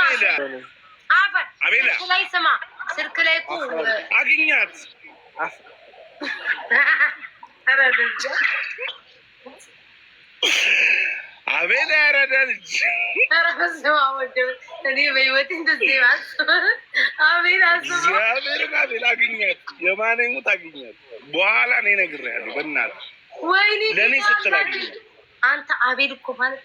ላይ ስማ፣ ስልክ ላይ እኮ አግኛት። አቤላ ያረዳ ልጅ እግዚአብሔርን አቤላ አግኛት፣ የማነሙት አግኛት። በኋላ እኔ እነግርሃለሁ። በእናትህ ለእኔ ስትል አግኛት። አንተ አቤል እኮ ማለት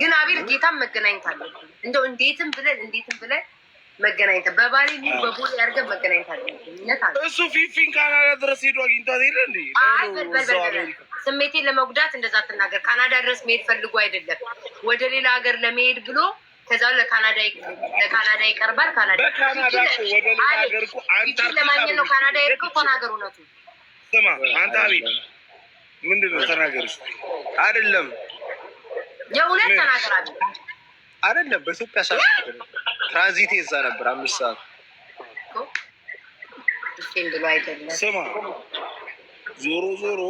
ግን አቤል ጌታም መገናኘት አለ። እንደው እንዴትም ብለን እንዴትም ብለን መገናኘት በባሌ ሙሉ በቦሌ አድርገን መገናኘት አለ። እሱ ፊፊን ካናዳ ድረስ ሄዶ አግኝቷት የለ እንዴ? ስሜቴን ለመጉዳት እንደዛ አትናገር። ካናዳ ድረስ መሄድ ፈልጎ አይደለም ወደ ሌላ ሀገር ለመሄድ ብሎ ከዛ ለካናዳ ለካናዳ ይቀርባል። ካናዳ ለማግኘት ነው ካናዳ የሄድከው። ተናገር እውነቱ። ስማ አንተ አቤል ምንድን ነው ተናገር። አይደለም የእውነት ተናገራቸው አይደለም። በኢትዮጵያ ሰዓት ትራንዚቴ እዛ ነበር አምስት ሰዓት ስማ፣ ዞሮ ዞሮ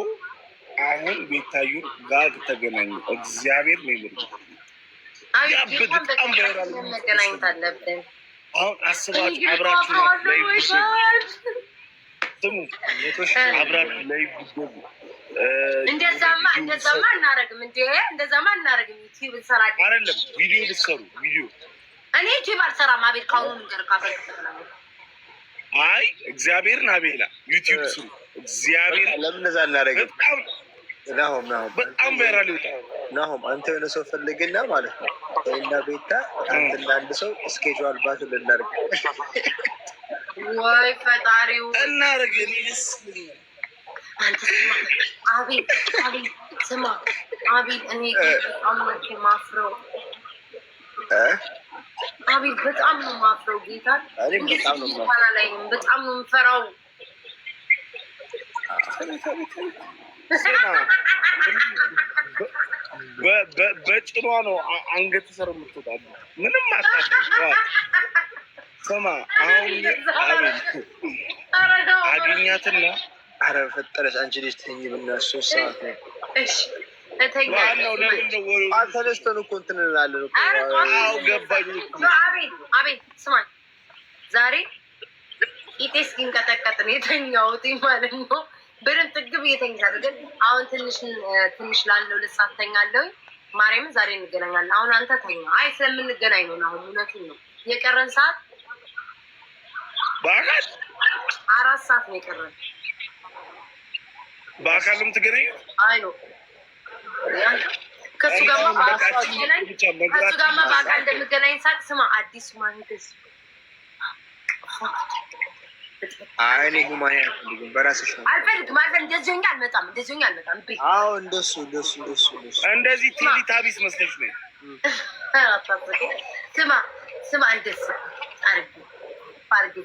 አሁን ቤታዩ ጋር ተገናኙ። እግዚአብሔር ነው ይምር። በጣም አሁን አስባት አብራችሁ አብራችሁ ላይ እንደዛማ እንደዛማ እናረግም እንዴ እንደዛማ እናረግም። ዩቲዩብ እንሰራለን አይደለም? ቪዲዮ ብትሰሩ ቪዲዮ እኔ ዩቲዩብ አልሰራም። ካሁኑ አይ እግዚአብሔርን አቤላ ዩቲዩብ ስሩ። እግዚአብሔር ለምን እንደዛ ናሆም ናሆም በጣም ቫይራል ናሆም አንተ የሆነ ሰው ፈልግና ማለት ነው እና ቤታ አንተና አንድ ሰው ወይ ፈጣሪው አቤል በጣም ነው ማፍረው። ጌታ ላይ በጣም ነው የምፈራው። በጭኗ ነው አንገት ስር የምትወጣው። ምንም አታውቅም። ስማ አሁን አቤል ኧረ በፈጠረሽ አንቺ ልጅ ተኝ ብናሽ ሶስት ሰዓት ነው። እሺ ተነስተን እኮ እንትን እንላለን አቤት ስማኝ ዛሬ ኢጤ እስኪንቀጠቀጥ ነው የተኛሁት ማለት ነው። ብርም ጥግብ እየተኛለሁ ግን አሁን ትንሽ ትንሽ ላለው ልሳት ተኛለሁኝ። ማርያምን ዛሬ እንገናኛለን። አሁን አንተ ተኛ። አይ ስለምንገናኝ ነው አሁን። እውነቱን ነው የቀረን ሰዓት አራት ሰዓት ነው የቀረን በአካል ነው የምትገናኙ? አይ ነው ከሱ ጋማ በአካል እንደምገናኝ ሳቅ። ስማ አዲስ ማኒገስ አይኔ ጉማኔ አልፈልግም። በራስሽ ነው አልፈልግም። እንደዚህ ሆኜ አልመጣም። እንደዚህ ሆኜ አልመጣም። አዎ እንደሱ እንደሱ እንደሱ እንደዚህ ቴሊ ታቢስ መስለሽ ነው። ስማ ስማ እንደሱ አርጌ አርጌ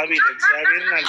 አቤት እግዚአብሔርን አለ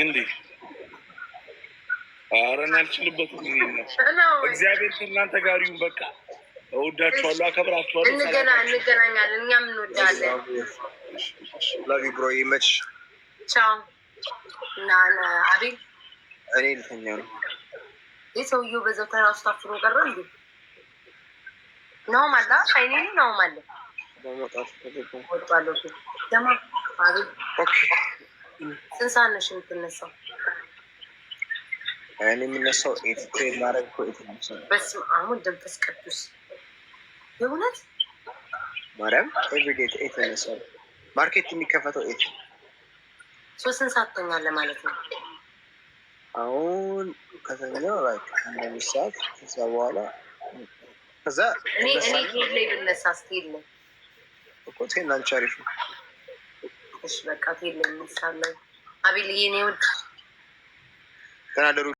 እንዴ ኧረ እኔ እግዚአብሔር ከእናንተ ጋር ይሁን። በቃ እወዳችኋለሁ፣ አከብራችኋለሁ። እንገናኛለን። እኛም እንወዳለን። ላቪ ብሮ ይመች። ቻው። እና አቤል እኔ ልተኛ ነው። ይህ ሰውየው በዛው ተራስታችሁ ታፍሮ ቀረ እንዴ? ነውም አለ አይኔ ነውም አለ ወጣለሁ። ደማ አቤል ኦኬ ስንት ሰዓት ነሽ የምትነሳው? እኔ የምነሳው ኤዲት ማድረግ እኮ በስመ አብ መንፈስ ቅዱስ የእውነት ማርያም ኤቭሪዴት ኤት ነሳል ማርኬት የሚከፈተው ኤት ሶስት ስንት ሰዓት ትተኛለህ ማለት ነው? አሁን ከተኛ አንዳንድ ሰዓት ከዛ በኋላ ከዛ እኔ እኔ ሄድ ላይ ብነሳ ስትሄድ ነው እኮ ቴን አንቺ አሪፍ ነው እሺ በቃ ፊልም እንሳለን። አቤልዬ እኔ ውድ ተናደሩ